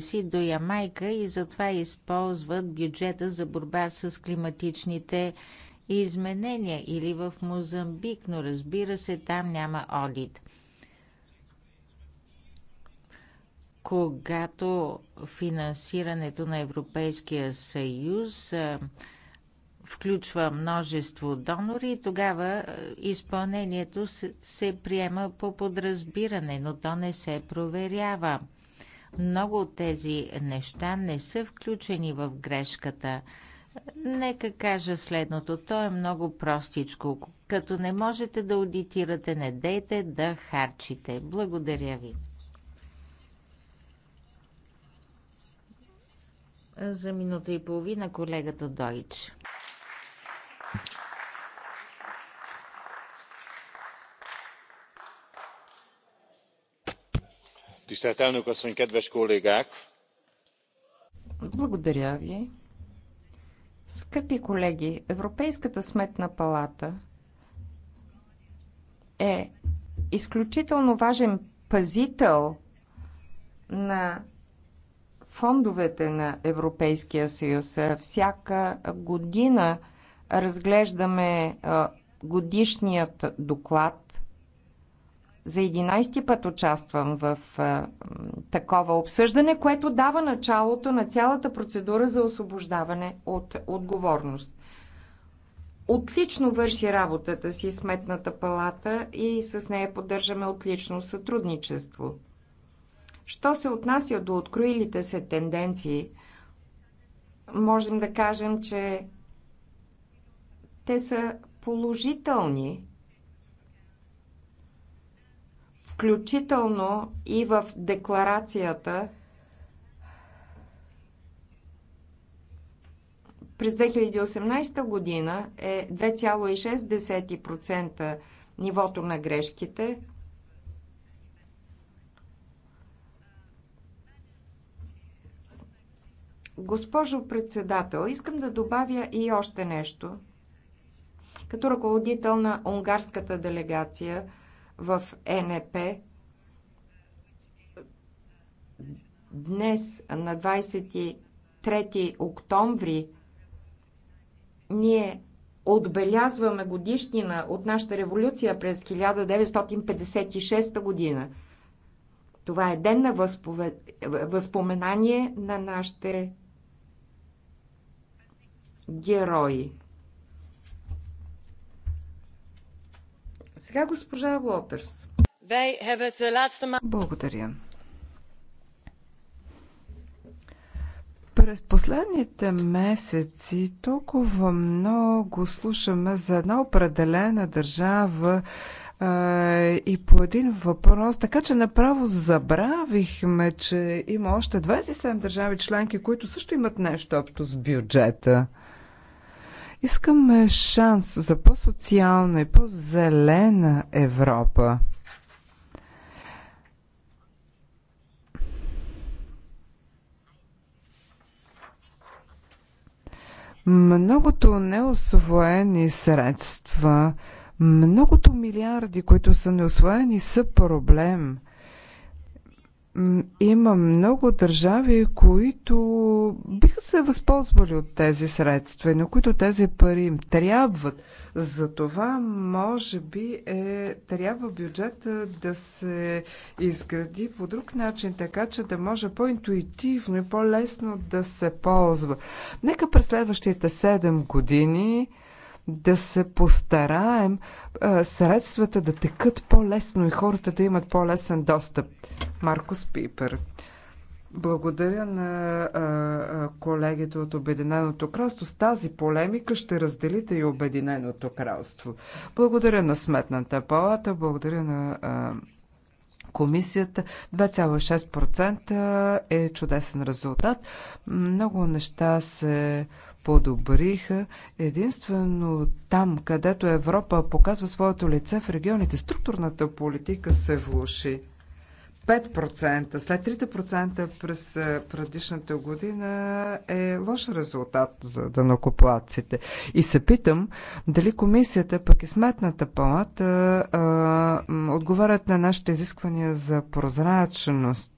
си до Ямайка и затова използват бюджета за борба с климатичните изменения или в Мозамбик, но разбира се, там няма одит. Когато финансирането на Европейския съюз включва множество донори, тогава изпълнението се приема по подразбиране, но то не се проверява. Много от тези неща не са включени в грешката. Нека кажа следното. То е много простичко. Като не можете да аудитирате, не дейте да харчите. Благодаря ви. За минута и половина колегата Дойч. Tisztelt elnök asszony, kedves kollégák! Благодаря ви. Скъпи колеги, Европейската сметна палата е изключително важен пазител на фондовете на Европейския съюз. Всяка година разглеждаме годишният доклад за 11 път участвам в а, такова обсъждане, което дава началото на цялата процедура за освобождаване от отговорност. Отлично върши работата си Сметната палата и с нея поддържаме отлично сътрудничество. Що се отнася до откроилите се тенденции, можем да кажем, че те са положителни включително и в декларацията през 2018 година е 2,6% нивото на грешките. Госпожо председател, искам да добавя и още нещо. Като ръководител на унгарската делегация – в НЕП днес на 23 октомври ние отбелязваме годишнина от нашата революция през 1956 година. Това е ден на възпове... възпоменание на нашите герои. Сега госпожа Лоперс. Eh, Благодаря. През последните месеци толкова много слушаме за една определена държава е, и по един въпрос, така че направо забравихме, че има още 27 държави членки, които също имат нещо общо с бюджета. Искаме шанс за по-социална и по-зелена Европа. Многото неосвоени средства, многото милиарди, които са неосвоени, са проблем – има много държави, които биха се възползвали от тези средства, на които тези пари им трябват. За това, може би, е, трябва бюджета да се изгради по друг начин, така че да може по-интуитивно и по-лесно да се ползва. Нека през следващите 7 години да се постараем а, средствата да текат по-лесно и хората да имат по-лесен достъп. Маркус Пипер. Благодаря на а, а, колегите от Обединеното кралство. С тази полемика ще разделите и Обединеното кралство. Благодаря на Сметната палата, благодаря на. А, комисията. 2,6% е чудесен резултат. Много неща се подобриха единствено там, където Европа показва своето лице в регионите. Структурната политика се влуши. 5%, след 3% през предишната година е лош резултат за данокоплаците. И се питам дали комисията, пък и сметната палата отговарят на нашите изисквания за прозрачност.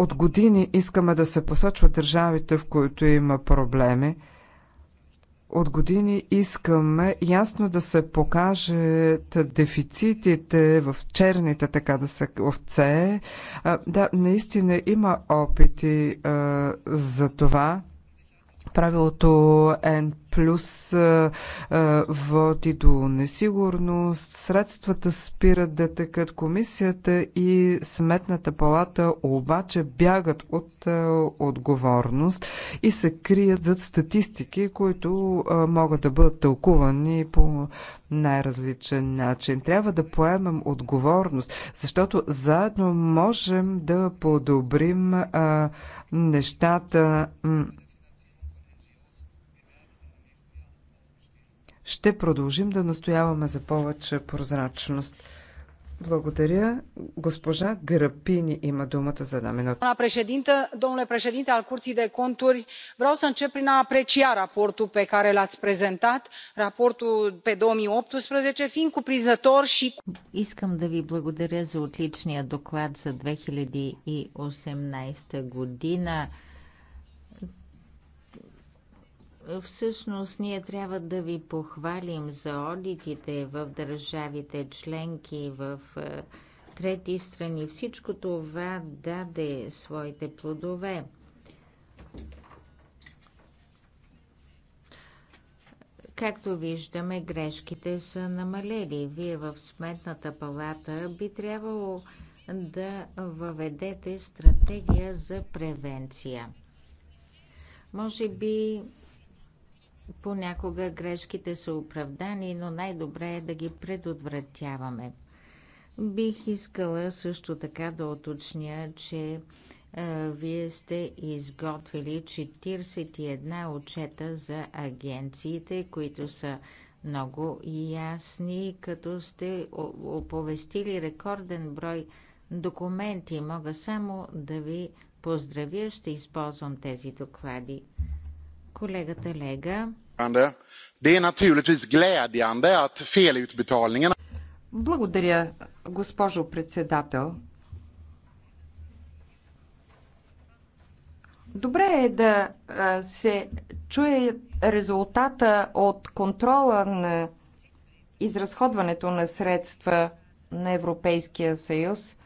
От години искаме да се посочват държавите, в които има проблеми. От години искаме ясно да се покажат дефицитите в черните, така да се овце. Да, наистина има опити за това. Правилото N плюс е, е, води до несигурност, средствата спират да текат комисията и сметната палата обаче бягат от е, отговорност и се крият зад статистики, които могат да бъдат тълкувани по най-различен начин. Трябва да поемем отговорност, защото заедно можем да подобрим нещата ще продължим да настояваме за повече прозрачност. Благодаря. Госпожа Грапини има думата за една минута. Доамна președintă, домnule președinte al Curții de Conturi, vreau să încep prin a aprecia raportul pe care l-ați prezentat, raportul pe 2018, fiind cuprinzător și. Искам да ви благодаря за отличния доклад за 2018 година. Всъщност ние трябва да ви похвалим за одитите в държавите членки, в е, трети страни. Всичко това даде своите плодове. Както виждаме, грешките са намалели. Вие в Сметната палата би трябвало да въведете стратегия за превенция. Може би Понякога грешките са оправдани, но най-добре е да ги предотвратяваме. Бих искала също така да уточня, че е, вие сте изготвили 41 отчета за агенциите, които са много ясни, като сте оповестили рекорден брой документи. Мога само да ви поздравя, ще използвам тези доклади. Колегата Лега. Благодаря, госпожо председател. Добре е да се чуе резултата от контрола на изразходването на средства на Европейския съюз.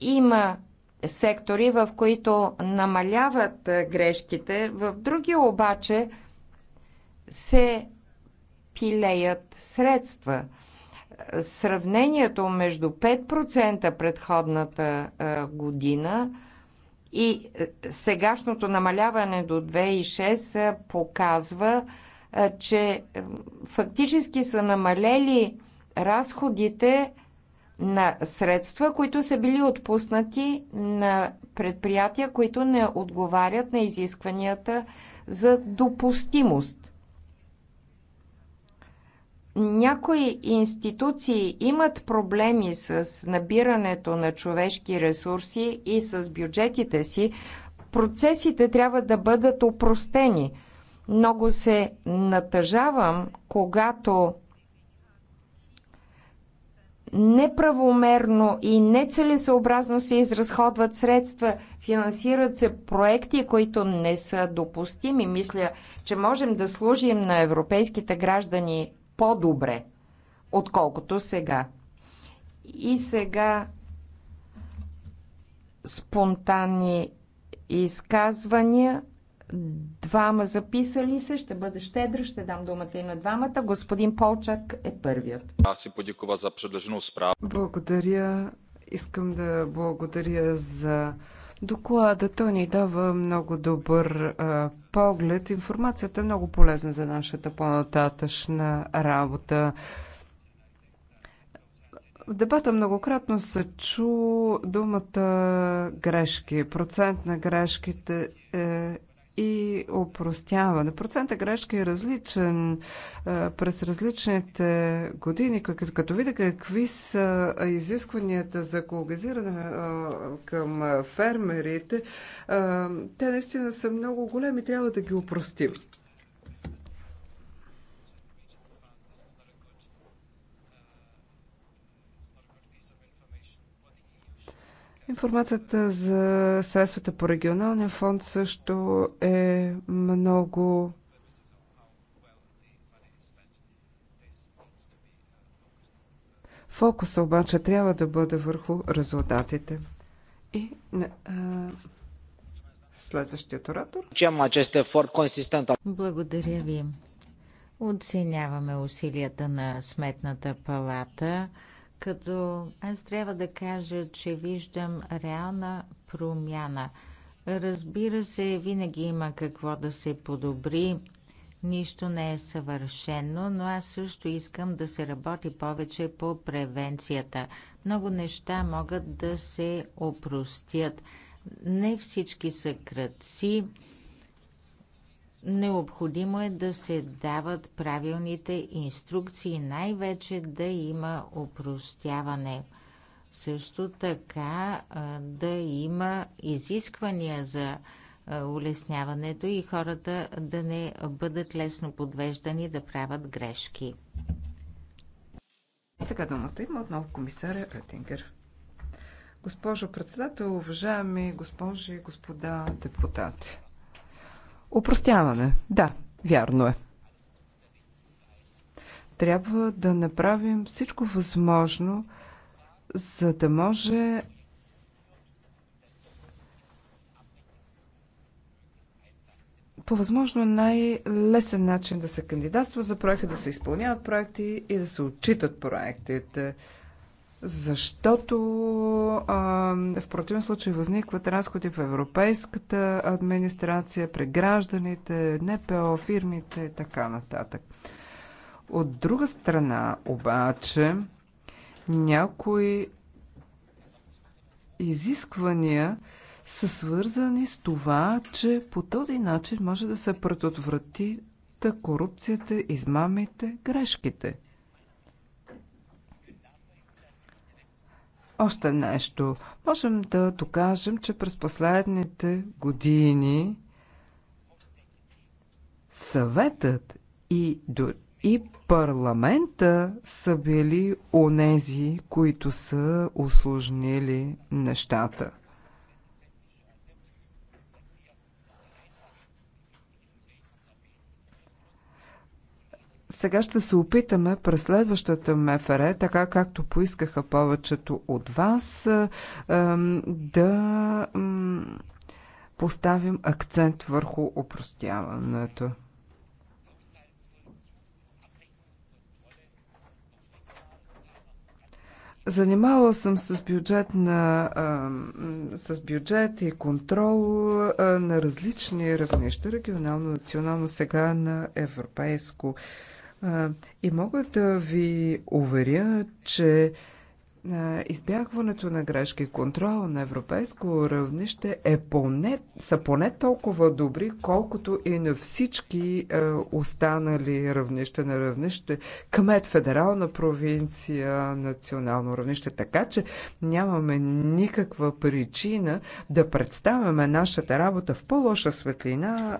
Има сектори, в които намаляват е, грешките, в други обаче се пилеят средства. Сравнението между 5% предходната е, година и е, сегашното намаляване до 2,6 показва, че фактически са намалели разходите на средства, които са били отпуснати на предприятия, които не отговарят на изискванията за допустимост. Някои институции имат проблеми с набирането на човешки ресурси и с бюджетите си. Процесите трябва да бъдат опростени. Много се натъжавам, когато неправомерно и нецелесообразно се изразходват средства, финансират се проекти, които не са допустими. Мисля, че можем да служим на европейските граждани по-добре, отколкото сега. И сега спонтанни изказвания двама записали се. Ще бъде щедра, ще дам думата и на двамата. Господин Полчак е първият. Аз си подикова за предложено справа. Благодаря. Искам да благодаря за доклада. Той ни дава много добър а, поглед. Информацията е много полезна за нашата по-нататъчна работа. В дебата многократно се чу думата грешки. Процент на грешките е и опростяване. Процента грешка е различен е, през различните години. Като, видя какви са изискванията за колгазиране е, към фермерите, е, те наистина са много големи. Трябва да ги опростим. Информацията за средствата по регионалния фонд също е много Фокуса обаче трябва да бъде върху резултатите. И а, следващият оратор. Благодаря ви. Оценяваме усилията на Сметната палата като аз трябва да кажа, че виждам реална промяна. Разбира се, винаги има какво да се подобри. Нищо не е съвършено, но аз също искам да се работи повече по превенцията. Много неща могат да се опростят. Не всички са кръци, Необходимо е да се дават правилните инструкции, най-вече да има опростяване. Също така да има изисквания за улесняването и хората да не бъдат лесно подвеждани да правят грешки. Сега думата има отново комисаря Ретингер. Госпожо председател, уважаеми госпожи и господа депутати. Опростяване. Да, вярно е. Трябва да направим всичко възможно, за да може по възможно най-лесен начин да се кандидатства за проекти, да се изпълняват проекти и да се отчитат проектите защото а, в противен случай възникват разходи в европейската администрация, при гражданите, НПО, фирмите и така нататък. От друга страна обаче някои изисквания са свързани с това, че по този начин може да се предотврати корупцията, измамите, грешките. Още нещо. Можем да докажем, че през последните години съветът и, и парламента са били онези, които са услужнили нещата. Сега ще се опитаме през следващата МФР, така както поискаха повечето от вас, е, да поставим акцент върху опростяването. Занимавала съм с бюджет, на, а, с бюджет и контрол а, е, на различни равнища, регионално, национално, сега на европейско. И мога да ви уверя, че е, избягването на грешки, контрола на европейско равнище е поне, са поне толкова добри, колкото и на всички е, останали равнища на равнище, кмет, федерална провинция, национално равнище. Така че нямаме никаква причина да представяме нашата работа в по-лоша светлина,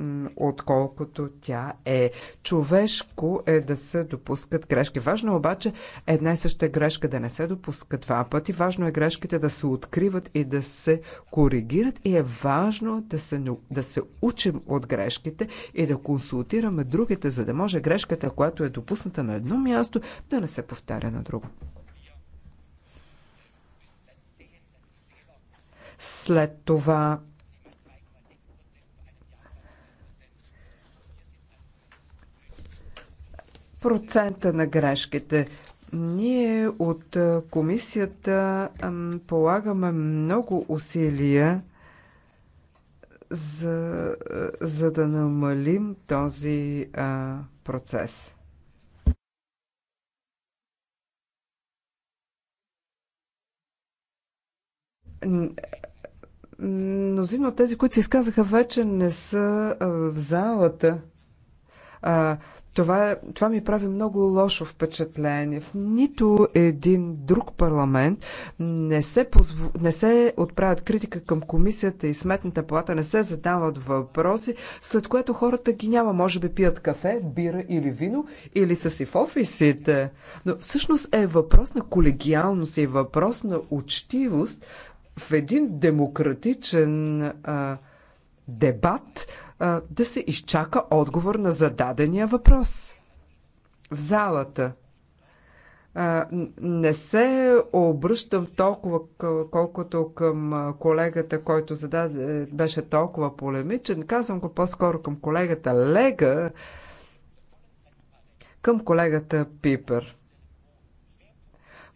е, отколкото тя е. Човешко е да се допускат грешки. Важно обаче една и съща грешка да не се допуска два пъти. Важно е грешките да се откриват и да се коригират и е важно да се, да се учим от грешките и да консултираме другите, за да може грешката, която е допусната на едно място, да не се повтаря на друго. След това процента на грешките. Ние от комисията полагаме много усилия за, за да намалим този а, процес. Мнозина от тези, които се изказаха вече, не са а, в залата. А, това, това ми прави много лошо впечатление. В нито един друг парламент не се, позво... не се отправят критика към комисията и сметната палата, не се задават въпроси, след което хората ги няма. Може би пият кафе, бира или вино, или са си в офисите. Но всъщност е въпрос на колегиалност и въпрос на учтивост в един демократичен а, дебат да се изчака отговор на зададения въпрос. В залата не се обръщам толкова, колкото към колегата, който зададе, беше толкова полемичен. Казвам го по-скоро към колегата Лега, към колегата Пипер.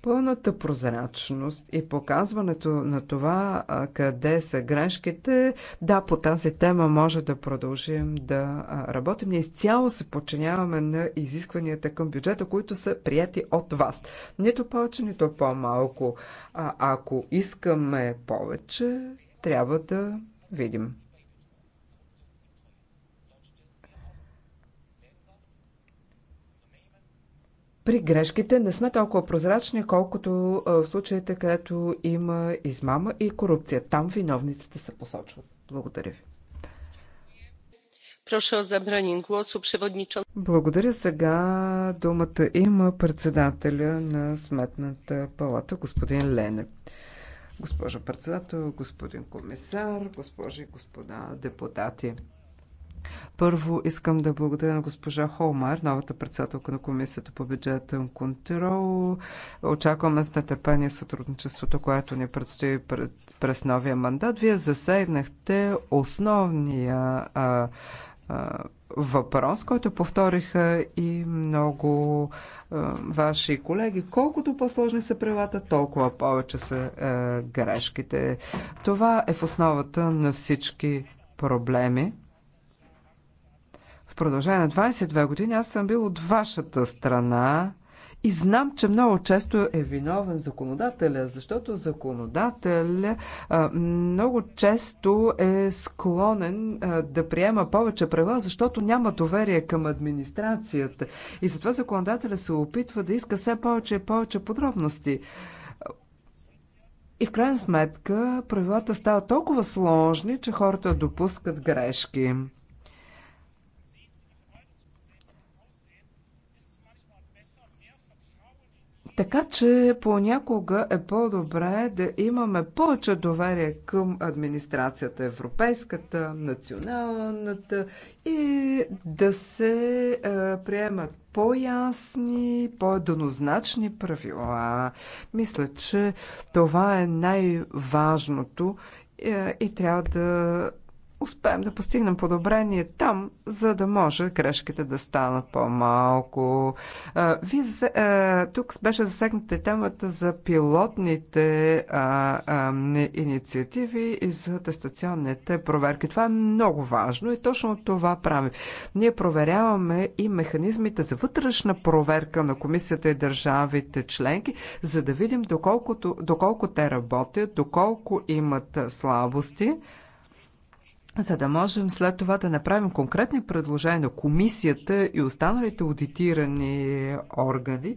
Пълната прозрачност и показването на това къде са грешките, да, по тази тема може да продължим да работим. Ние изцяло се подчиняваме на изискванията към бюджета, които са прияти от вас. Нито повече, нито по-малко. А ако искаме повече, трябва да видим. при грешките не сме толкова прозрачни, колкото в случаите, където има измама и корупция. Там виновниците се посочват. Благодаря ви. Благодаря. Сега думата има председателя на Сметната палата, господин Лене. Госпожо председател, господин комисар, госпожи и господа депутати. Първо искам да благодаря на госпожа Холмар, новата председателка на Комисията по бюджетен контрол. Очакваме с нетърпение сътрудничеството, което ни предстои пред, през новия мандат. Вие засегнахте основния а, а, въпрос, който повториха и много а, ваши колеги. Колкото по-сложни са правилата, толкова повече са а, грешките. Това е в основата на всички проблеми продължение на 22 години аз съм бил от вашата страна и знам, че много често е виновен законодателя, защото законодателя много често е склонен да приема повече правила, защото няма доверие към администрацията. И затова законодателя се опитва да иска все повече и повече подробности. И в крайна сметка правилата стават толкова сложни, че хората допускат грешки. Така че понякога е по-добре да имаме повече доверие към администрацията, европейската, националната и да се е, приемат по-ясни, по-еднозначни правила. Мисля, че това е най-важното и, е, и трябва да успеем да постигнем подобрение там, за да може грешките да станат по-малко. Вие тук беше засегната темата за пилотните инициативи и за тестационните проверки. Това е много важно и точно това правим. Ние проверяваме и механизмите за вътрешна проверка на комисията и държавите членки, за да видим доколко те работят, доколко имат слабости за да можем след това да направим конкретни предложения на комисията и останалите аудитирани органи,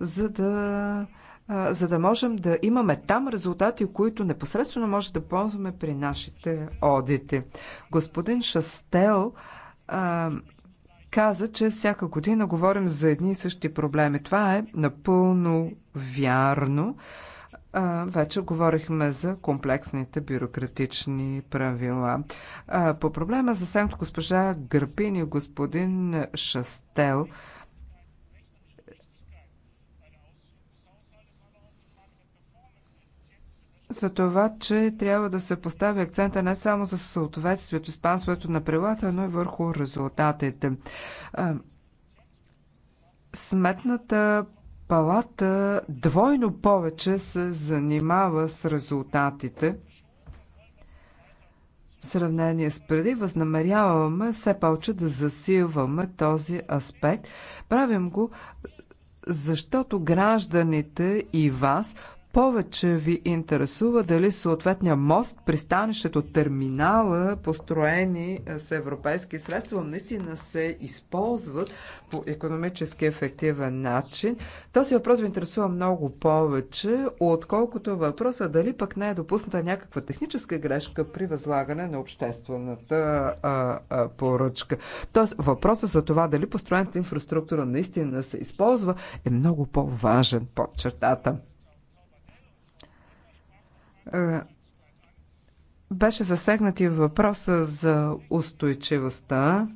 за да за да можем да имаме там резултати, които непосредствено може да ползваме при нашите одити. Господин Шастел а, каза, че всяка година говорим за едни и същи проблеми. Това е напълно вярно. А, вече говорихме за комплексните бюрократични правила. по проблема за сент госпожа Гърпин и господин Шастел, за това, че трябва да се постави акцента не само за съответствието и спазването на правилата, но и върху резултатите. Сметната палата двойно повече се занимава с резултатите в сравнение с преди, възнамеряваме все повече да засилваме този аспект. Правим го, защото гражданите и вас повече ви интересува дали съответния мост, пристанището, терминала, построени е, с европейски средства, наистина се използват по економически ефективен начин. Този въпрос ви интересува много повече, отколкото въпроса дали пък не е допусната някаква техническа грешка при възлагане на обществената а, а, поръчка. Тоест, въпросът за това дали построената инфраструктура наистина се използва е много по-важен под чертата. Е, беше засегнат и въпроса за устойчивостта.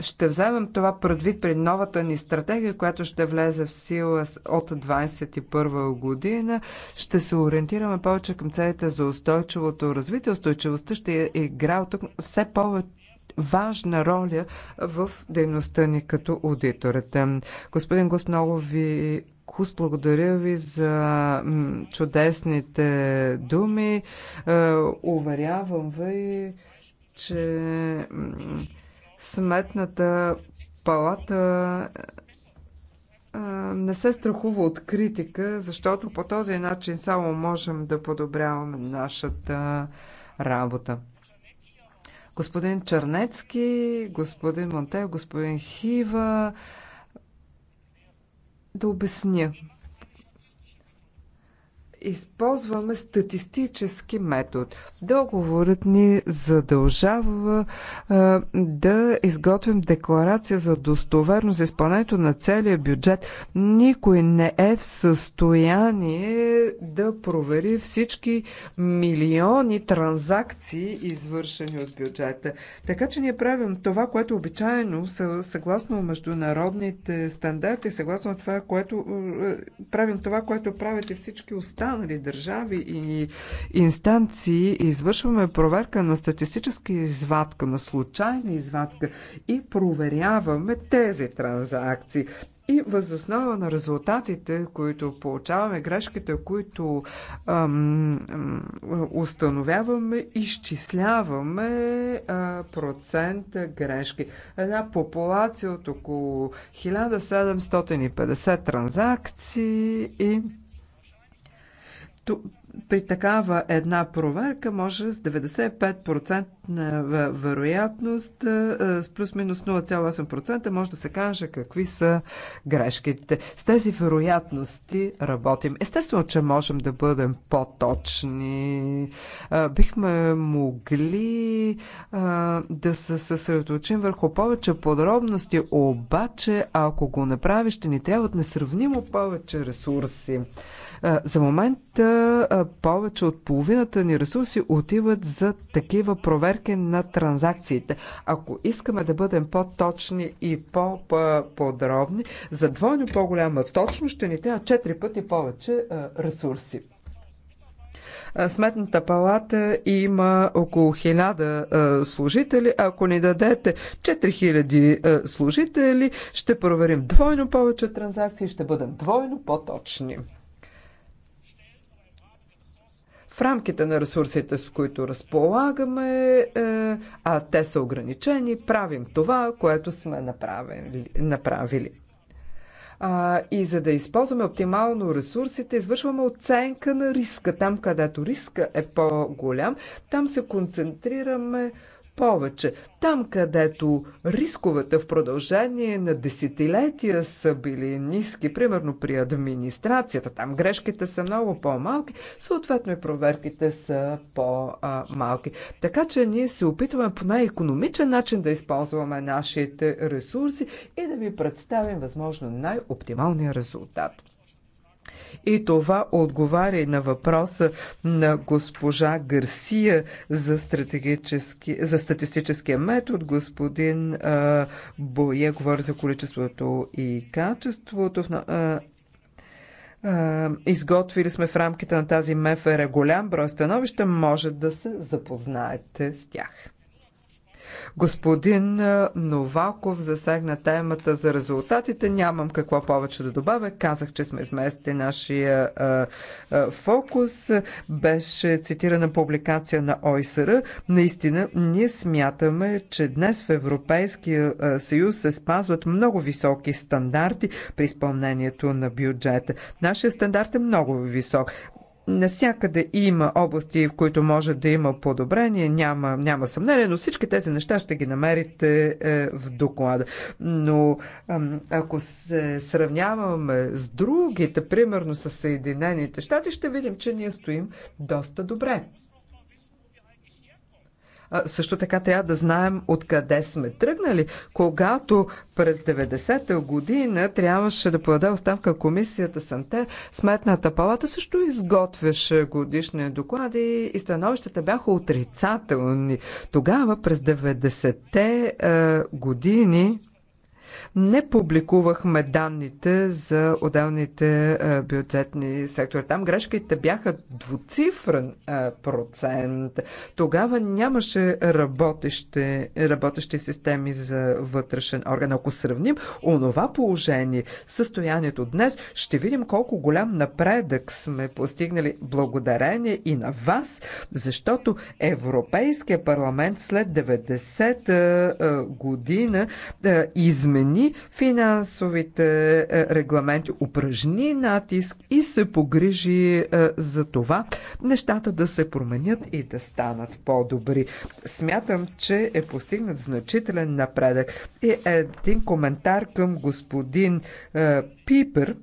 Ще вземем това предвид при новата ни стратегия, която ще влезе в сила от 2021 година. Ще се ориентираме повече към целите за устойчивото развитие. Устойчивостта ще играе от тук все повече важна роля в дейността ни като аудиторите. Господин Госнолов, ви Кус, благодаря ви за чудесните думи. Е, уверявам ви, че сметната палата е, не се страхува от критика, защото по този начин само можем да подобряваме нашата работа господин Чернецки, господин Монте, господин Хива, да обясня използваме статистически метод. Договорът ни задължава а, да изготвим декларация за достоверност за изпълнението на целия бюджет. Никой не е в състояние да провери всички милиони транзакции, извършени от бюджета. Така че ние правим това, което обичайно съгласно международните стандарти, съгласно това, което е, правим това, което правят и всички останали национални държави и инстанции извършваме проверка на статистическа извадка, на случайна извадка и проверяваме тези транзакции. И възоснова на резултатите, които получаваме, грешките, които ам, установяваме, изчисляваме а, процента грешки. Една популация от около 1750 транзакции и при такава една проверка може с 95% вероятност, с плюс-минус 0,8% може да се каже какви са грешките. С тези вероятности работим. Естествено, че можем да бъдем по-точни. Бихме могли да се съсредоточим върху повече подробности, обаче ако го направиш, ще ни трябват несравнимо повече ресурси. За момент момента повече от половината ни ресурси отиват за такива проверки на транзакциите. Ако искаме да бъдем по-точни и по-подробни, за двойно по-голяма точност ще ни трябва 4 пъти повече ресурси. Сметната палата има около 1000 служители. Ако ни дадете 4000 служители, ще проверим двойно повече транзакции, ще бъдем двойно по-точни в рамките на ресурсите, с които разполагаме, е, а те са ограничени, правим това, което сме направили. направили. А, и за да използваме оптимално ресурсите, извършваме оценка на риска. Там, където риска е по-голям, там се концентрираме повече. Там, където рисковете в продължение на десетилетия са били ниски, примерно при администрацията, там грешките са много по-малки, съответно и проверките са по-малки. Така че ние се опитваме по най-економичен начин да използваме нашите ресурси и да ви представим възможно най-оптималния резултат. И това отговаря и на въпроса на госпожа Гарсия за, за статистическия метод. Господин а, Боя говори за количеството и качеството. А, Изготвили сме в рамките на тази МФР голям брой становища, може да се запознаете с тях. Господин Новаков засегна темата за резултатите. Нямам какво повече да добавя. Казах, че сме измести нашия а, а, фокус. Беше цитирана публикация на ОИСР. Наистина, ние смятаме, че днес в Европейския съюз се спазват много високи стандарти при изпълнението на бюджета. Нашия стандарт е много висок. Насякъде има области, в които може да има подобрение, няма, няма съмнение, но всички тези неща ще ги намерите е, в доклада. Но ако се сравняваме с другите, примерно с Съединените щати, ще видим, че ние стоим доста добре. Също така трябва да знаем откъде сме тръгнали. Когато през 90-та година трябваше да подаде оставка комисията Сантер, Сметната палата също изготвяше годишни доклади и становищата бяха отрицателни. Тогава през 90-те години не публикувахме данните за отделните е, бюджетни сектори. Там грешките бяха двуцифрен е, процент. Тогава нямаше работещи, работещи системи за вътрешен орган. Ако сравним онова положение, състоянието днес, ще видим колко голям напредък сме постигнали благодарение и на вас, защото Европейския парламент след 90 е, година измени промени финансовите е, регламенти, упражни натиск и се погрижи е, за това нещата да се променят и да станат по-добри. Смятам, че е постигнат значителен напредък. И един коментар към господин е, Пипер.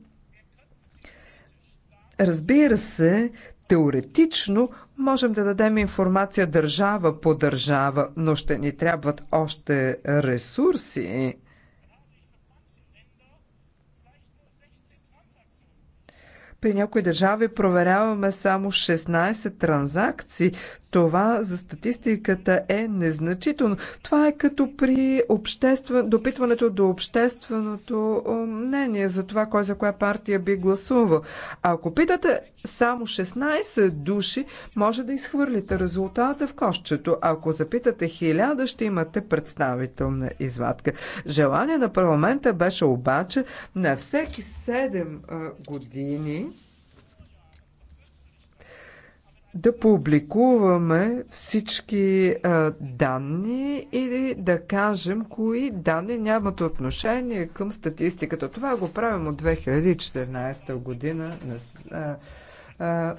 Разбира се, теоретично можем да дадем информация държава по държава, но ще ни трябват още ресурси При някои държави проверяваме само 16 транзакции. Това за статистиката е незначително. Това е като при обществен... допитването до общественото мнение за това кой за коя партия би гласувал. А ако питате само 16 души, може да изхвърлите резултата в кошчето. Ако запитате 1000, ще имате представителна извадка. Желание на парламента беше обаче на всеки 7 години да публикуваме всички а, данни или да кажем кои данни нямат отношение към статистиката. Това го правим от 2014 година на, а,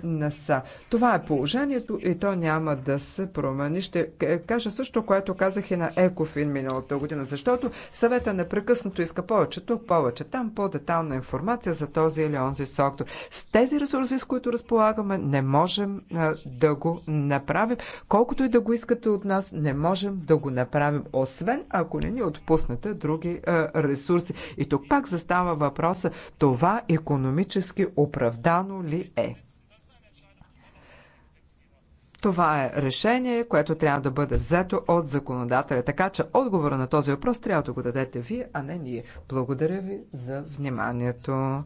НАСА. Това е положението и то няма да се промени. Ще е, кажа също, което казах и на Екофин миналата година, защото съвета непрекъснато иска повече тук, повече там, по-детална информация за този или онзи сектор. С тези ресурси, с които разполагаме, не можем да го направим. Колкото и да го искате от нас, не можем да го направим, освен ако не ни отпуснете други ресурси. И тук пак застава въпроса, това економически оправдано ли е? Това е решение, което трябва да бъде взето от законодателя. Така че отговора на този въпрос трябва да го дадете вие, а не ние. Благодаря ви за вниманието.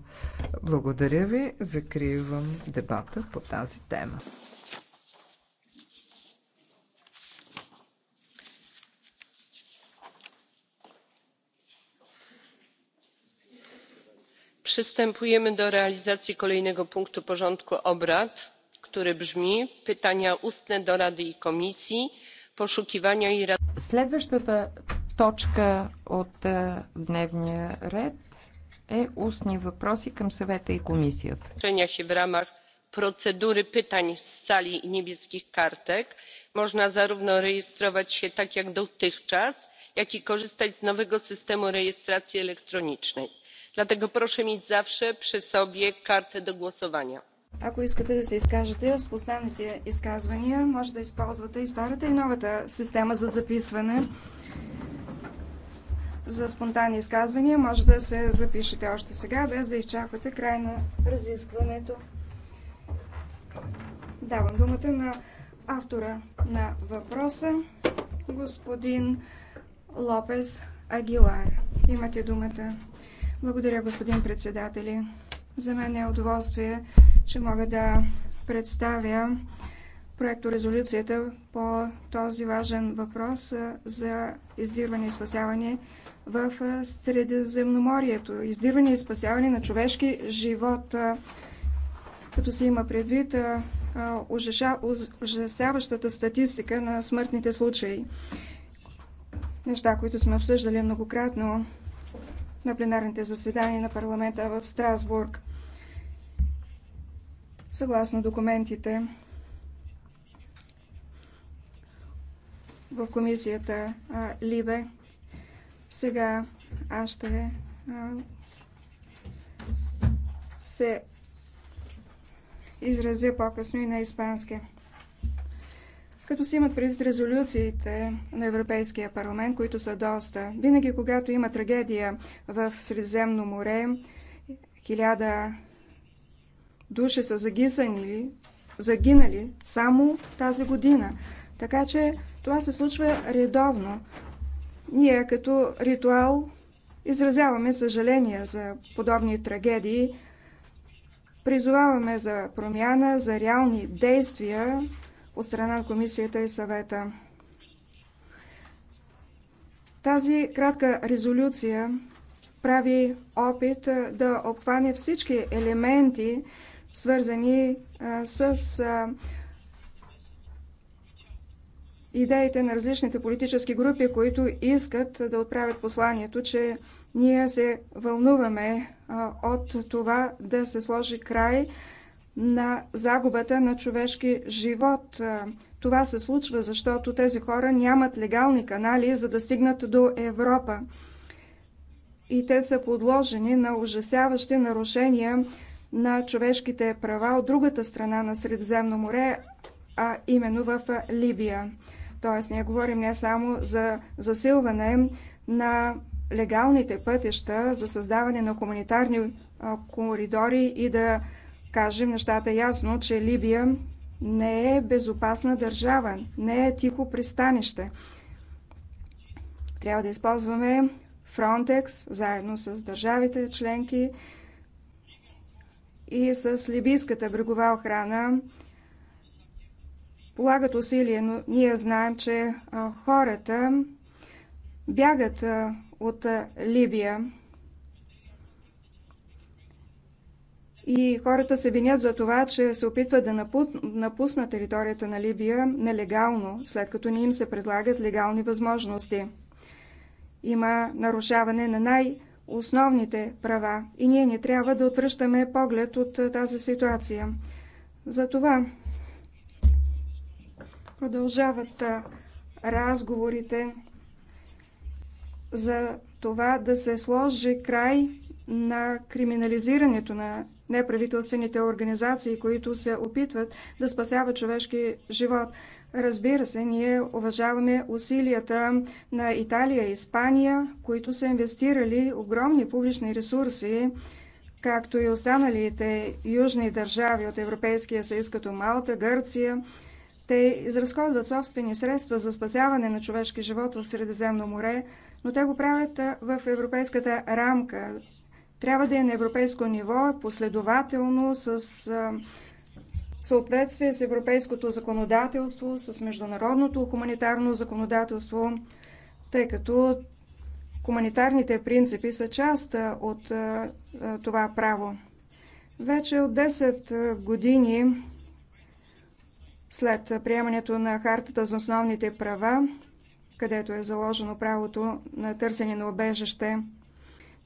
Благодаря ви. Закривам дебата по тази тема. Przystępujemy do realizacji kolejnego punktu porządku obrad który brzmi pytania ustne do Rady i Komisji, poszukiwania i... Следващата точка от дневния ред е устни въпроси към съвета и комисията. się w ramach procedury pytań z sali i niebieskich kartek można zarówno rejestrować się tak jak dotychczas jak i korzystać z nowego systemu rejestracji elektronicznej. dlatego proszę mieć zawsze przy sobie kartę do głosowania. Ако искате да се изкажете с последните изказвания, може да използвате и старата и новата система за записване. За спонтанни изказвания може да се запишете още сега, без да изчаквате край на разискването. Давам думата на автора на въпроса, господин Лопес Агилар. Имате думата. Благодаря, господин председатели. За мен е удоволствие че мога да представя проекторезолюцията по този важен въпрос за издирване и спасяване в Средиземноморието. Издирване и спасяване на човешки живот, като се има предвид ужасяващата статистика на смъртните случаи. Неща, които сме обсъждали многократно на пленарните заседания на парламента в Страсбург съгласно документите. в комисията Либе. Сега аз ще се изразя по-късно и на испански. Като се имат предвид резолюциите на Европейския парламент, които са доста, винаги когато има трагедия в Средиземно море, души са загисани, загинали само тази година. Така че това се случва редовно. Ние като ритуал изразяваме съжаление за подобни трагедии, призоваваме за промяна, за реални действия от страна на комисията и съвета. Тази кратка резолюция прави опит да обхване всички елементи свързани с идеите на различните политически групи, които искат да отправят посланието, че ние се вълнуваме от това да се сложи край на загубата на човешки живот. Това се случва, защото тези хора нямат легални канали, за да стигнат до Европа. И те са подложени на ужасяващи нарушения на човешките права от другата страна на Средиземно море, а именно в Либия. Тоест, ние говорим не само за засилване на легалните пътища за създаване на хуманитарни коридори и да кажем нещата ясно, че Либия не е безопасна държава, не е тихо пристанище. Трябва да използваме Frontex заедно с държавите членки, и с либийската брегова охрана полагат усилия, но ние знаем, че хората бягат от Либия. И хората се винят за това, че се опитват да напуснат територията на Либия нелегално, след като не им се предлагат легални възможности. Има нарушаване на най- основните права и ние не трябва да отвръщаме поглед от тази ситуация. Затова продължават разговорите за това да се сложи край на криминализирането на неправителствените организации, които се опитват да спасяват човешки живот. Разбира се, ние уважаваме усилията на Италия и Испания, които са инвестирали огромни публични ресурси, както и останалите южни държави от Европейския съюз, като Малта, Гърция. Те изразходват собствени средства за спасяване на човешки живот в Средиземно море, но те го правят в европейската рамка. Трябва да е на европейско ниво, последователно, с в съответствие с европейското законодателство, с международното хуманитарно законодателство, тъй като хуманитарните принципи са част от това право. Вече от 10 години след приемането на Хартата за основните права, където е заложено правото на търсене на обежище,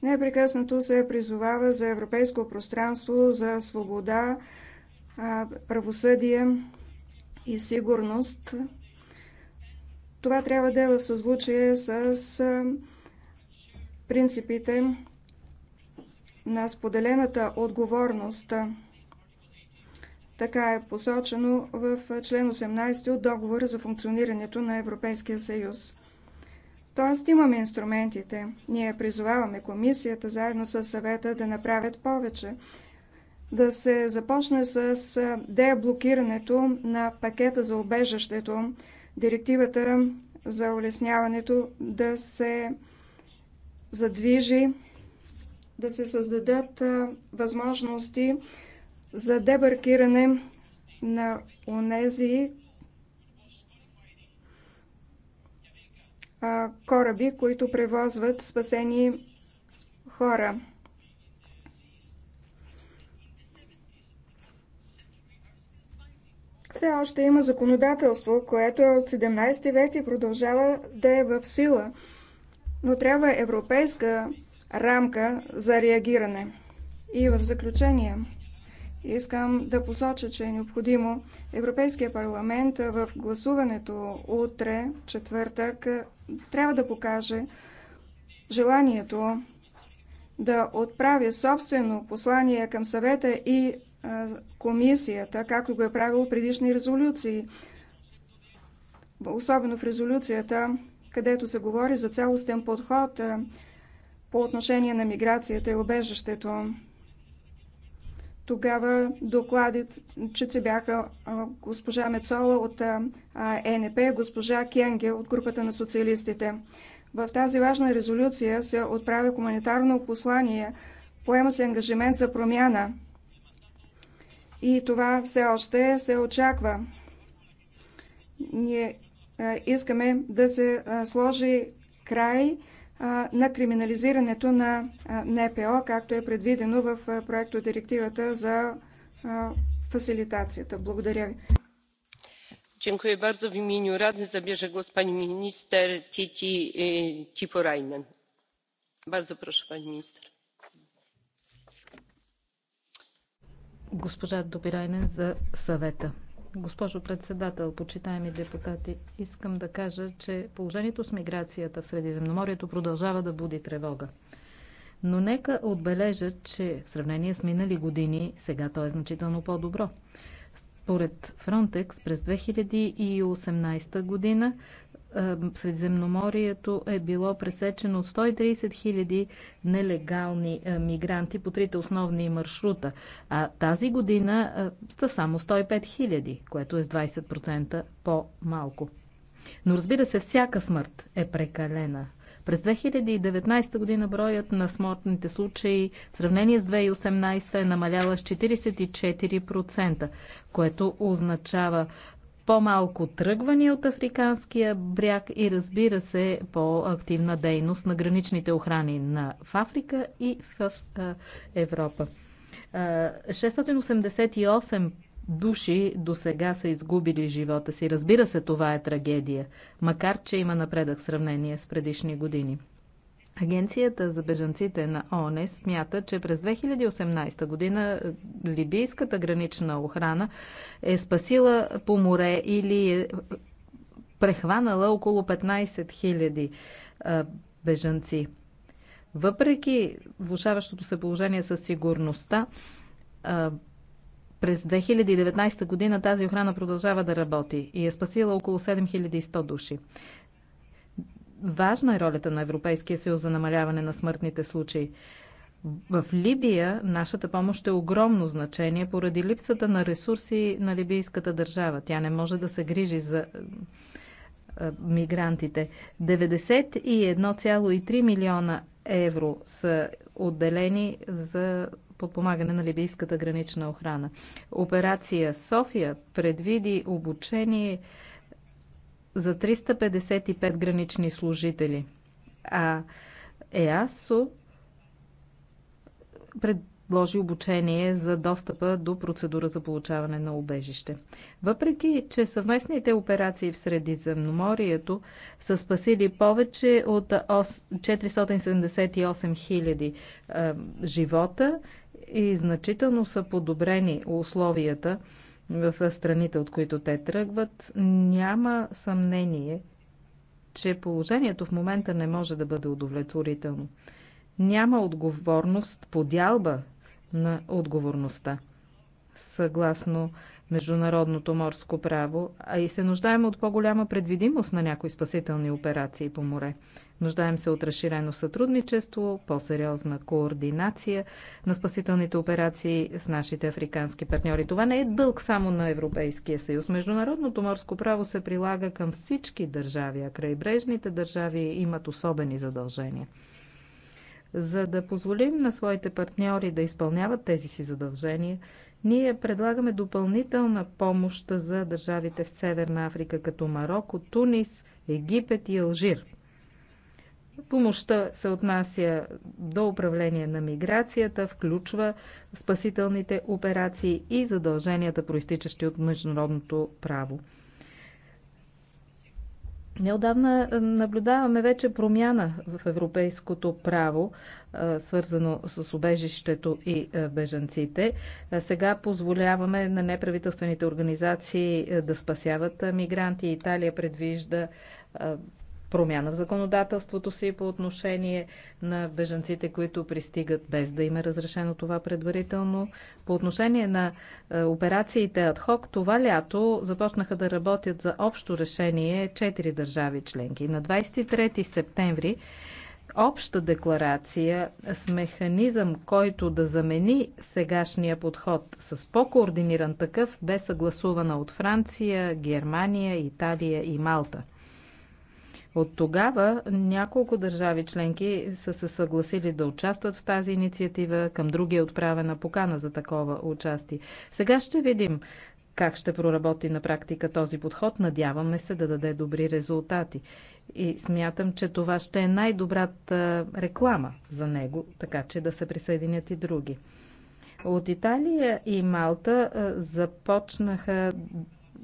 непрекъснато се призовава за европейско пространство за свобода, правосъдие и сигурност. Това трябва да е в съзвучие с принципите на споделената отговорност. Така е посочено в член 18 от договора за функционирането на Европейския съюз. Тоест имаме инструментите. Ние призоваваме комисията заедно с съвета да направят повече да се започне с деблокирането на пакета за обежащето, директивата за улесняването да се задвижи, да се създадат възможности за дебаркиране на онези кораби, които превозват спасени хора. Все още има законодателство, което е от 17 век и продължава да е в сила, но трябва европейска рамка за реагиране. И в заключение искам да посоча, че е необходимо Европейския парламент в гласуването утре, четвъртък, трябва да покаже желанието да отправи собствено послание към съвета и комисията, както го е правило предишни резолюции. Особено в резолюцията, където се говори за цялостен подход по отношение на миграцията и обежището. Тогава докладчици бяха госпожа Мецола от ЕНП, госпожа Кенге от групата на социалистите. В тази важна резолюция се отправя хуманитарно послание, поема се ангажимент за промяна – и това все още се очаква. Ние искаме да се сложи край на криминализирането на НПО, както е предвидено в проекто директивата за фасилитацията. Благодаря ви. Dziękuję bardzo. W imieniu Rady zabierze głos pani minister Titi e, Tiporainen. Bardzo proszę pani minister. госпожа Добирайнен за съвета. Госпожо председател, почитаеми депутати, искам да кажа, че положението с миграцията в Средиземноморието продължава да буди тревога. Но нека отбележа, че в сравнение с минали години, сега то е значително по-добро. Според Frontex през 2018 година е, Средиземноморието е било пресечено от 130 000 нелегални е, мигранти по трите основни маршрута, а тази година е, са само 105 000, което е с 20% по-малко. Но разбира се, всяка смърт е прекалена. През 2019 година броят на смъртните случаи в сравнение с 2018 е намаляла с 44%, което означава по-малко тръгвания от африканския бряг и разбира се по-активна дейност на граничните охрани на, в Африка и в Европа. 688 души до сега са изгубили живота си. Разбира се, това е трагедия, макар че има напредък в сравнение с предишни години. Агенцията за бежанците на ООН смята, че през 2018 година е, либийската гранична охрана е спасила по море или е, е прехванала около 15 000 е, бежанци. Въпреки влушаващото се положение със сигурността, през 2019 година тази охрана продължава да работи и е спасила около 7100 души. Важна е ролята на Европейския съюз за намаляване на смъртните случаи. В Либия нашата помощ е огромно значение поради липсата на ресурси на либийската държава. Тя не може да се грижи за е, мигрантите. 91,3 милиона евро са отделени за подпомагане на либийската гранична охрана. Операция София предвиди обучение за 355 гранични служители. А ЕАСО предложи обучение за достъпа до процедура за получаване на убежище. Въпреки, че съвместните операции в Средиземноморието са спасили повече от 478 хиляди живота и значително са подобрени условията в страните, от които те тръгват, няма съмнение, че положението в момента не може да бъде удовлетворително. Няма отговорност, подялба на отговорността, съгласно международното морско право, а и се нуждаем от по-голяма предвидимост на някои спасителни операции по море. Нуждаем се от разширено сътрудничество, по-сериозна координация на спасителните операции с нашите африкански партньори. Това не е дълг само на Европейския съюз. Международното морско право се прилага към всички държави, а крайбрежните държави имат особени задължения. За да позволим на своите партньори да изпълняват тези си задължения, ние предлагаме допълнителна помощ за държавите в Северна Африка, като Марокко, Тунис, Египет и Алжир. Помощта се отнася до управление на миграцията, включва спасителните операции и задълженията, проистичащи от международното право. Неодавна е, наблюдаваме вече промяна в европейското право, е, свързано с обежището и е, бежанците. Сега позволяваме на неправителствените организации да спасяват мигранти. Италия предвижда промяна в законодателството си по отношение на бежанците, които пристигат без да им е разрешено това предварително. По отношение на е, операциите Адхок, това лято започнаха да работят за общо решение четири държави членки. На 23 септември обща декларация с механизъм, който да замени сегашния подход с по-координиран такъв, бе съгласувана от Франция, Германия, Италия и Малта – от тогава няколко държави членки са се съгласили да участват в тази инициатива, към други е отправена покана за такова участие. Сега ще видим как ще проработи на практика този подход. Надяваме се да даде добри резултати. И смятам, че това ще е най-добрата реклама за него, така че да се присъединят и други. От Италия и Малта започнаха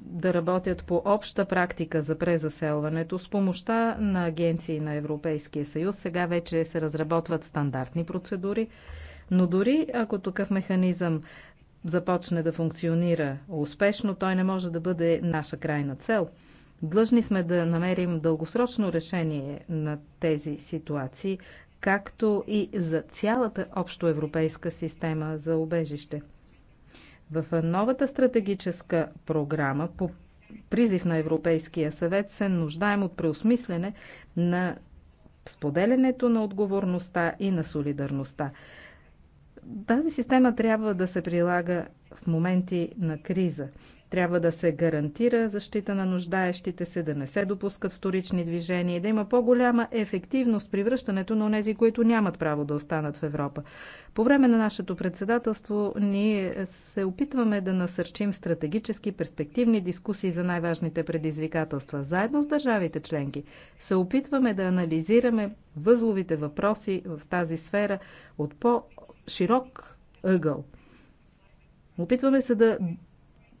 да работят по обща практика за презаселването с помощта на агенции на Европейския съюз. Сега вече се разработват стандартни процедури, но дори ако такъв механизъм започне да функционира успешно, той не може да бъде наша крайна цел. Длъжни сме да намерим дългосрочно решение на тези ситуации, както и за цялата общоевропейска система за убежище. В новата стратегическа програма по призив на Европейския съвет се нуждаем от преосмислене на споделянето на отговорността и на солидарността. Тази система трябва да се прилага в моменти на криза. Трябва да се гарантира защита на нуждаещите се, да не се допускат вторични движения и да има по-голяма ефективност при връщането на тези, които нямат право да останат в Европа. По време на нашето председателство ние се опитваме да насърчим стратегически перспективни дискусии за най-важните предизвикателства. Заедно с държавите членки се опитваме да анализираме възловите въпроси в тази сфера от по-широк ъгъл. Опитваме се да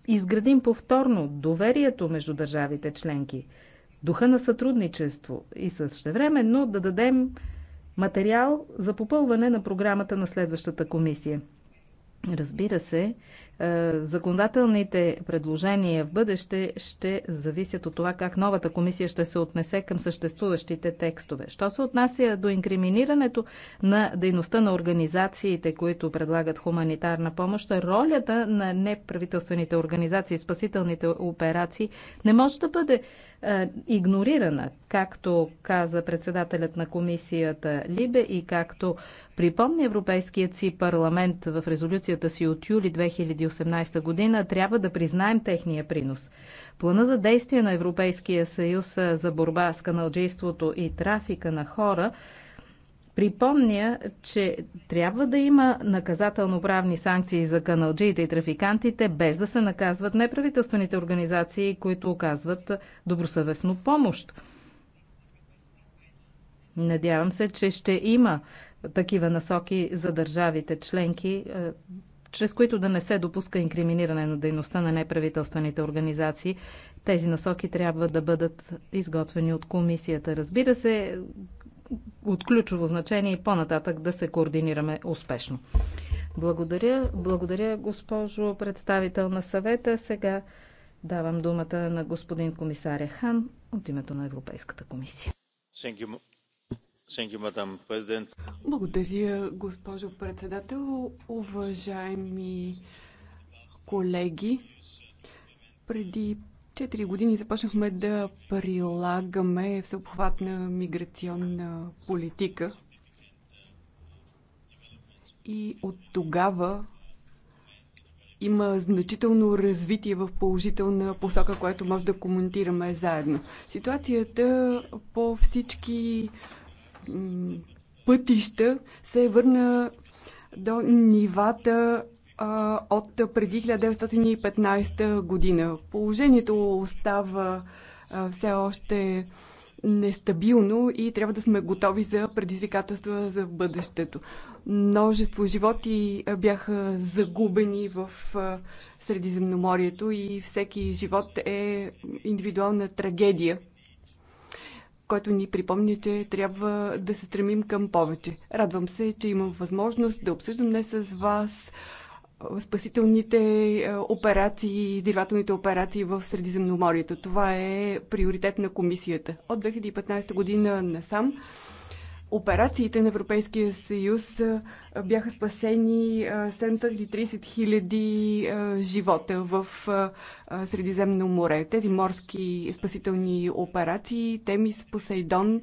изградим повторно доверието между държавите членки, духа на сътрудничество и същевременно да дадем материал за попълване на програмата на следващата комисия. Разбира се, е, законодателните предложения в бъдеще ще зависят от това как новата комисия ще се отнесе към съществуващите текстове. Що се отнася до инкриминирането на дейността на организациите, които предлагат хуманитарна помощ, ролята на неправителствените организации, спасителните операции не може да бъде е, игнорирана, както каза председателят на комисията Либе и както припомни Европейският си парламент в резолюцията си от юли 2000 2018 година, трябва да признаем техния принос. Плана за действие на Европейския съюз за борба с каналджейството и трафика на хора Припомня, че трябва да има наказателно-правни санкции за каналджиите и трафикантите, без да се наказват неправителствените организации, които оказват добросъвестно помощ. Надявам се, че ще има такива насоки за държавите членки чрез които да не се допуска инкриминиране на дейността на неправителствените организации. Тези насоки трябва да бъдат изготвени от комисията. Разбира се, от ключово значение и по-нататък да се координираме успешно. Благодаря, благодаря госпожо представител на съвета. Сега давам думата на господин комисаря Хан от името на Европейската комисия. Благодаря, госпожо председател. Уважаеми колеги, преди 4 години започнахме да прилагаме всеобхватна миграционна политика. И от тогава има значително развитие в положителна посока, което може да коментираме заедно. Ситуацията по всички пътища се е върна до нивата а, от преди 1915 година. Положението остава а, все още нестабилно и трябва да сме готови за предизвикателства за бъдещето. Множество животи бяха загубени в Средиземноморието и всеки живот е индивидуална трагедия който ни припомня, че трябва да се стремим към повече. Радвам се, че имам възможност да обсъждам днес с вас спасителните операции, издирвателните операции в Средиземноморието. Това е приоритет на комисията. От 2015 година насам операциите на Европейския съюз бяха спасени 730 хиляди живота в Средиземно море. Тези морски спасителни операции, Темис, Посейдон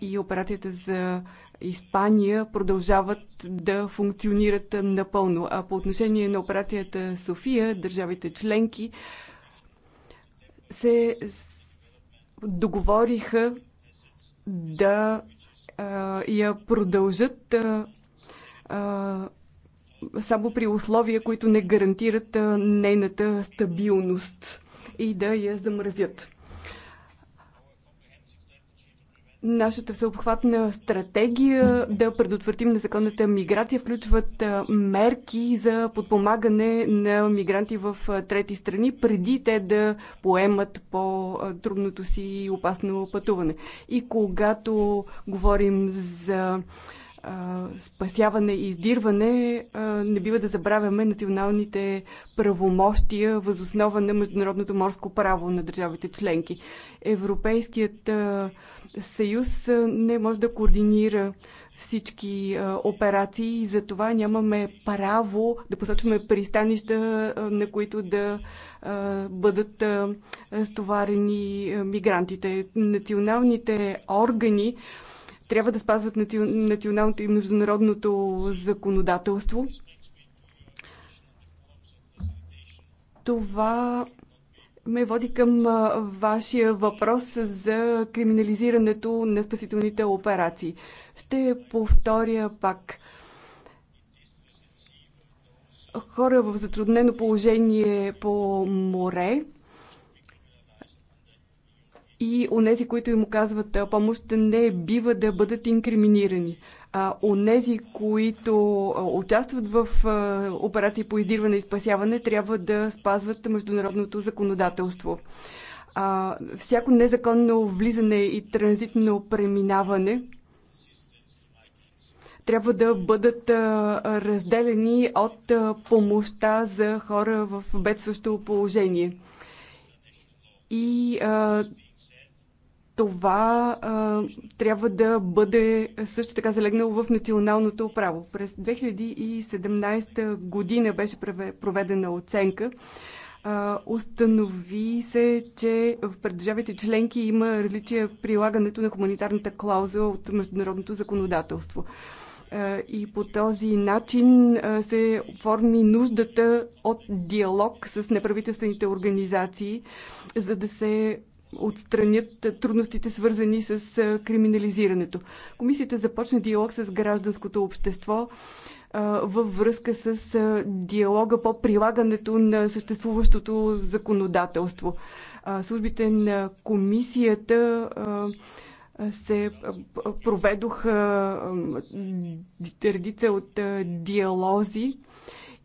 и операцията за Испания продължават да функционират напълно. А по отношение на операцията София, държавите членки се договориха да я продължат само при условия, които не гарантират нейната стабилност и да я замразят. Нашата всеобхватна стратегия да предотвратим незаконната миграция включват мерки за подпомагане на мигранти в трети страни, преди те да поемат по-трудното си и опасно пътуване. И когато говорим за спасяване и издирване, не бива да забравяме националните правомощия възоснова на международното морско право на държавите членки. Европейският съюз не може да координира всички операции и затова нямаме право да посочваме пристанища, на които да бъдат стоварени мигрантите. Националните органи трябва да спазват националното и международното законодателство. Това ме води към вашия въпрос за криминализирането на спасителните операции. Ще повторя пак. Хора в затруднено положение по море и онези, които им оказват помощ, не бива да бъдат инкриминирани. А онези, които участват в операции по издирване и спасяване, трябва да спазват международното законодателство. А, всяко незаконно влизане и транзитно преминаване трябва да бъдат разделени от помощта за хора в бедстващо положение. И а, това а, трябва да бъде също така залегнало в националното право. През 2017 година беше проведена оценка. А, установи се, че в държавите членки има различия в прилагането на хуманитарната клауза от международното законодателство. А, и по този начин а, се оформи нуждата от диалог с неправителствените организации, за да се отстранят трудностите, свързани с криминализирането. Комисията започна диалог с гражданското общество във връзка с диалога по прилагането на съществуващото законодателство. Службите на комисията се проведоха редица от диалози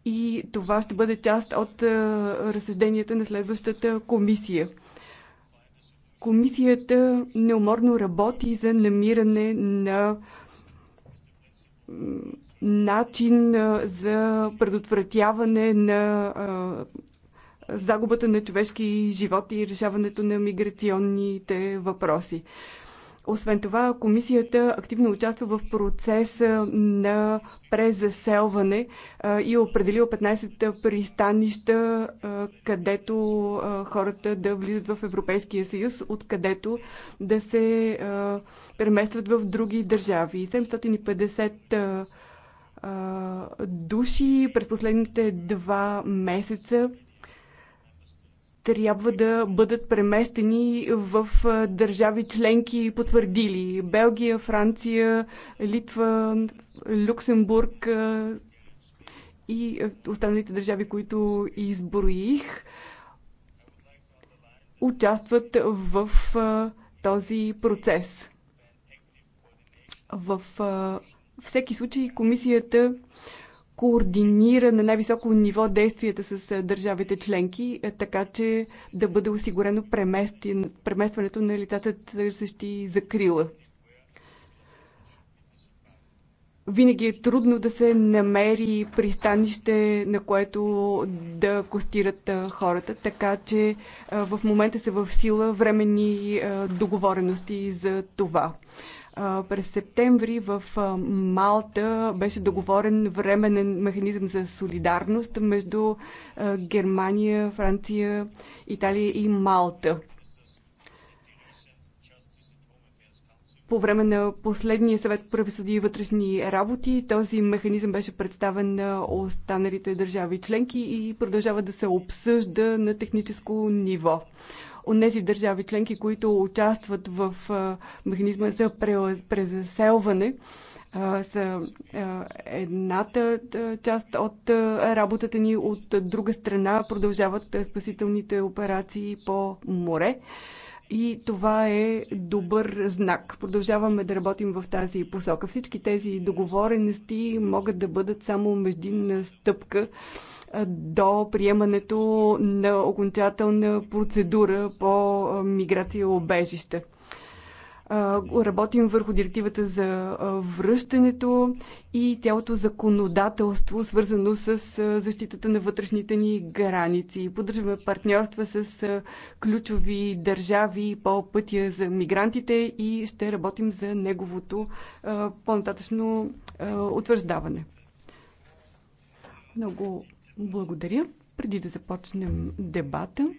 и това ще бъде част от разсъжденията на следващата комисия. Комисията неуморно работи за намиране на начин за предотвратяване на загубата на човешки живот и решаването на миграционните въпроси. Освен това, комисията активно участва в процеса на презаселване и е определила 15 пристанища, където хората да влизат в Европейския съюз, откъдето да се преместват в други държави. 750 души през последните два месеца трябва да бъдат преместени в държави членки потвърдили Белгия, Франция, Литва, Люксембург и останалите държави, които изброих, участват в този процес. В всеки случай комисията координира на най-високо ниво действията с е, държавите членки, е, така че да бъде осигурено преместването на лицата, търсещи закрила. Винаги е трудно да се намери пристанище, на което да костират е, хората, така че в момента са в сила времени договорености за това. През септември в Малта беше договорен временен механизъм за солидарност между Германия, Франция, Италия и Малта. По време на последния съвет правосъди и вътрешни работи този механизъм беше представен на останалите държави членки и продължава да се обсъжда на техническо ниво онези държави членки, които участват в механизма за презаселване, са едната част от работата ни, от друга страна продължават спасителните операции по море. И това е добър знак. Продължаваме да работим в тази посока. Всички тези договорености могат да бъдат само междинна стъпка до приемането на окончателна процедура по миграция и обежище. Работим върху директивата за връщането и цялото законодателство, свързано с защитата на вътрешните ни граници. Поддържаме партньорства с ключови държави по пътя за мигрантите и ще работим за неговото по-нататъчно утвърждаване. Много благодаря. Преди да започнем дебата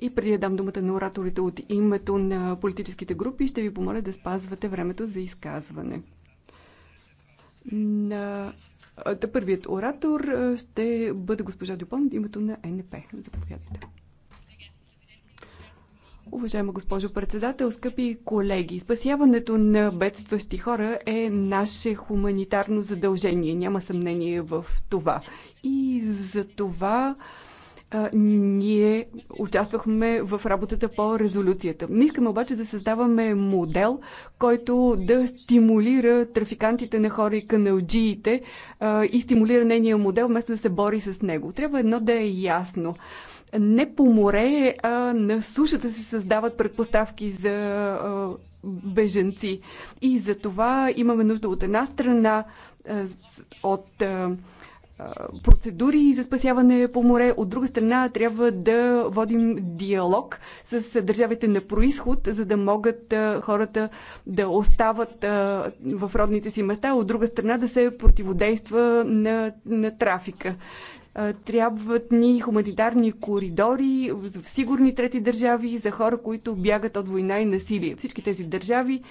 и преди да дам думата на ораторите от името на политическите групи, ще ви помоля да спазвате времето за изказване. На Първият оратор ще бъде госпожа Дюпон от името на НП. Заповядайте. Уважаема госпожо председател, скъпи колеги, спасяването на бедстващи хора е наше хуманитарно задължение. Няма съмнение в това. И за това а, ние участвахме в работата по резолюцията. Не искаме обаче да създаваме модел, който да стимулира трафикантите на хора и каналджиите а, и стимулира нейния модел, вместо да се бори с него. Трябва едно да е ясно не по море, а на сушата се създават предпоставки за беженци. И за това имаме нужда от една страна от процедури за спасяване по море. От друга страна трябва да водим диалог с държавите на происход, за да могат хората да остават в родните си места. От друга страна да се противодейства на, на трафика. Трябват ни хуманитарни коридори в сигурни трети държави за хора, които бягат от война и насилие. Всички тези държави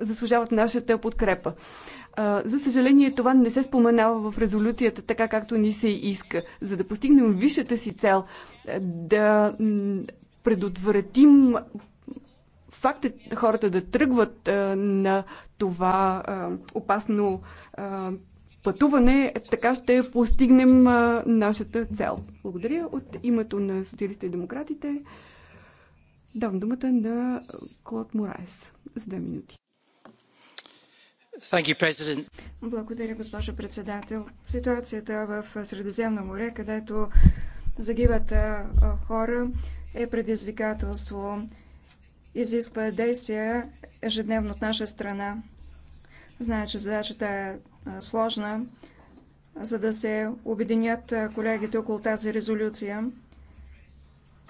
заслужават нашата подкрепа. За съжаление, това не се споменава в резолюцията така, както ни се иска. За да постигнем висшата си цел, да предотвратим факта хората да тръгват на това опасно пътуване, така ще постигнем нашата цел. Благодаря от името на социалистите и демократите. Давам думата на Клод Мораес за две минути. You, Благодаря, госпожо председател. Ситуацията в Средиземно море, където загиват хора, е предизвикателство. Изисква действия ежедневно от наша страна. Знае, че задачата е сложна, за да се обединят колегите около тази резолюция.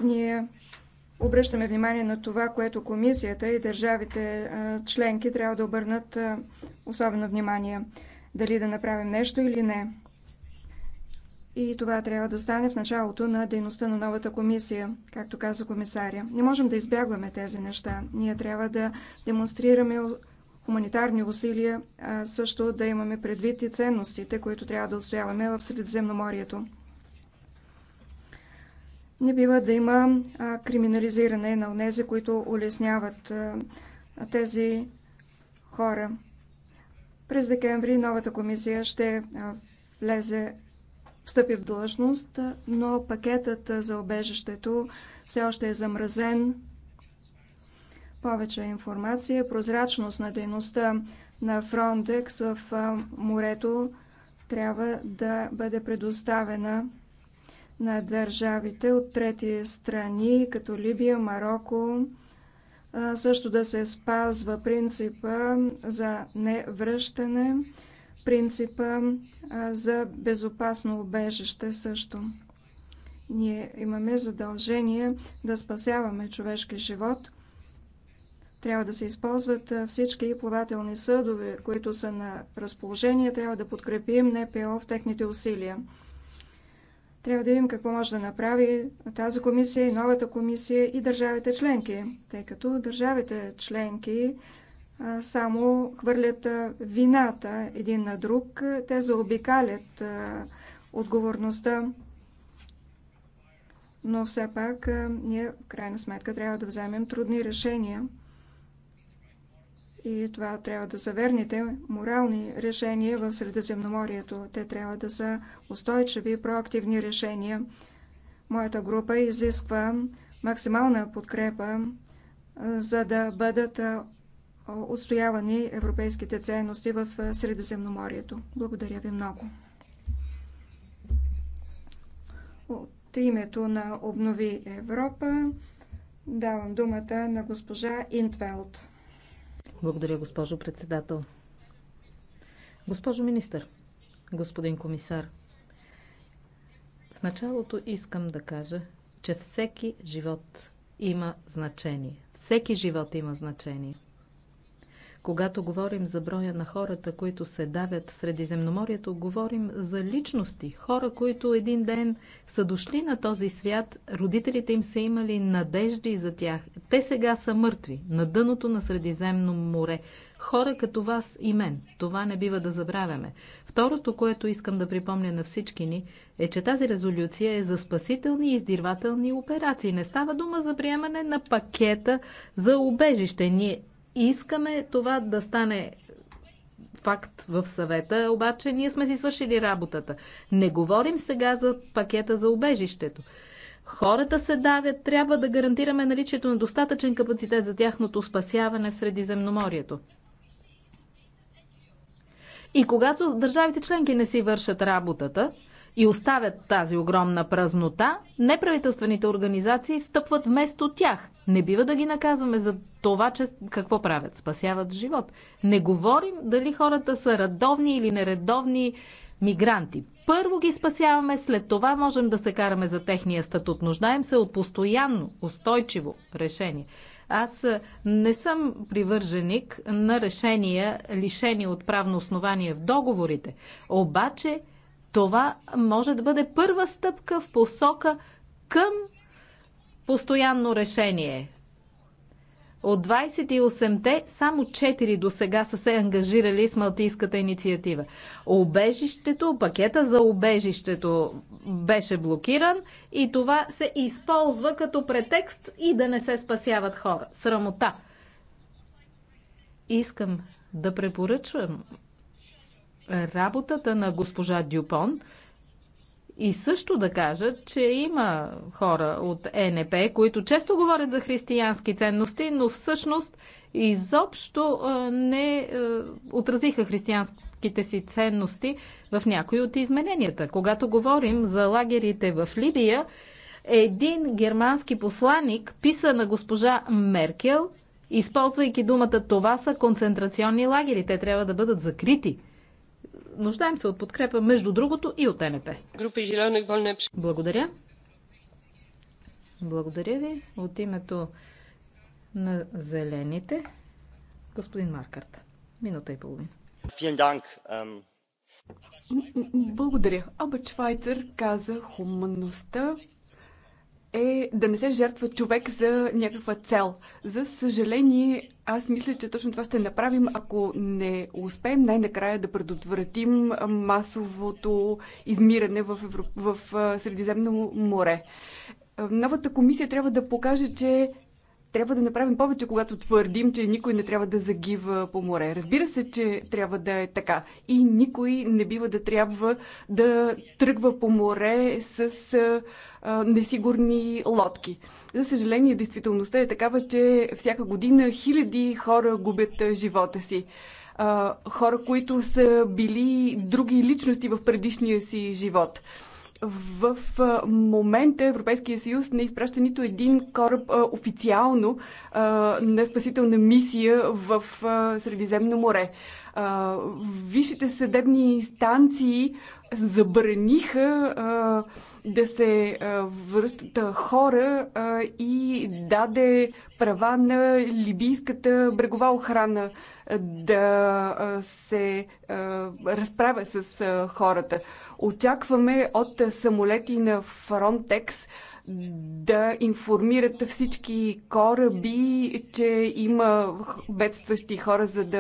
Ние обръщаме внимание на това, което комисията и държавите членки трябва да обърнат особено внимание. Дали да направим нещо или не. И това трябва да стане в началото на дейността на новата комисия, както каза комисаря. Не можем да избягваме тези неща. Ние трябва да демонстрираме хуманитарни усилия, а също да имаме предвид и ценностите, които трябва да отстояваме в Средиземноморието. Не бива да има криминализиране на онези, които улесняват тези хора. През декември новата комисия ще влезе встъпи в длъжност, но пакетът за обежището все още е замразен повече информация, прозрачност на дейността на Фронтекс в морето трябва да бъде предоставена на държавите от трети страни, като Либия, Марокко, също да се спазва принципа за невръщане, принципа за безопасно убежище също. Ние имаме задължение да спасяваме човешки живот – трябва да се използват всички плавателни съдове, които са на разположение. Трябва да подкрепим НПО в техните усилия. Трябва да видим какво може да направи тази комисия и новата комисия и държавите членки, тъй като държавите членки само хвърлят вината един на друг. Те заобикалят отговорността. Но все пак ние, в крайна сметка, трябва да вземем трудни решения. И това трябва да са верните морални решения в Средиземноморието. Те трябва да са устойчиви, проактивни решения. Моята група изисква максимална подкрепа, за да бъдат отстоявани европейските ценности в Средиземноморието. Благодаря ви много. От името на Обнови Европа давам думата на госпожа Интвелт. Благодаря, госпожо председател. Госпожо министър, господин комисар, в началото искам да кажа, че всеки живот има значение. Всеки живот има значение. Когато говорим за броя на хората, които се давят среди Средиземноморието, говорим за личности, хора, които един ден са дошли на този свят, родителите им са имали надежди за тях. Те сега са мъртви на дъното на Средиземно море. Хора като вас и мен. Това не бива да забравяме. Второто, което искам да припомня на всички ни, е, че тази резолюция е за спасителни и издирвателни операции. Не става дума за приемане на пакета за убежище. Ние Искаме това да стане факт в съвета, обаче ние сме си свършили работата. Не говорим сега за пакета за убежището. Хората се давят, трябва да гарантираме наличието на достатъчен капацитет за тяхното спасяване в Средиземноморието. И когато държавите членки не си вършат работата, и оставят тази огромна празнота, неправителствените организации встъпват вместо тях. Не бива да ги наказваме за това, че какво правят? Спасяват живот. Не говорим дали хората са редовни или нередовни мигранти. Първо ги спасяваме, след това можем да се караме за техния статут. Нуждаем се от постоянно, устойчиво решение. Аз не съм привърженик на решения, лишени от правно основание в договорите. Обаче това може да бъде първа стъпка в посока към постоянно решение. От 28-те, само 4 до сега са се ангажирали с Малтийската инициатива. Обежището, пакета за обежището беше блокиран и това се използва като претекст и да не се спасяват хора. Срамота. Искам да препоръчвам работата на госпожа Дюпон и също да кажа, че има хора от ЕНП, които често говорят за християнски ценности, но всъщност изобщо не отразиха християнските си ценности в някои от измененията. Когато говорим за лагерите в Либия, един германски посланник писа на госпожа Меркел, използвайки думата това са концентрационни лагери, те трябва да бъдат закрити – нуждаем се от подкрепа, между другото, и от НП. Групи Благодаря. Благодаря ви. От името на Зелените, господин Маркарт. Минута и половина. Благодаря. Обаче Швайцер каза хуманността е да не се жертва човек за някаква цел. За съжаление, аз мисля, че точно това ще направим, ако не успеем най-накрая да предотвратим масовото измиране в, Европ... в Средиземно море. Новата комисия трябва да покаже, че трябва да направим повече, когато твърдим, че никой не трябва да загива по море. Разбира се, че трябва да е така. И никой не бива да трябва да тръгва по море с а, несигурни лодки. За съжаление, действителността е такава, че всяка година хиляди хора губят живота си. А, хора, които са били други личности в предишния си живот. В момента Европейския съюз не изпраща нито един кораб а, официално а, на спасителна мисия в а, Средиземно море висшите съдебни инстанции забраниха а, да се връщат хора а, и даде права на либийската брегова охрана да се а, разправя с а, хората. Очакваме от самолети на Frontex да информират всички кораби, че има бедстващи хора, за да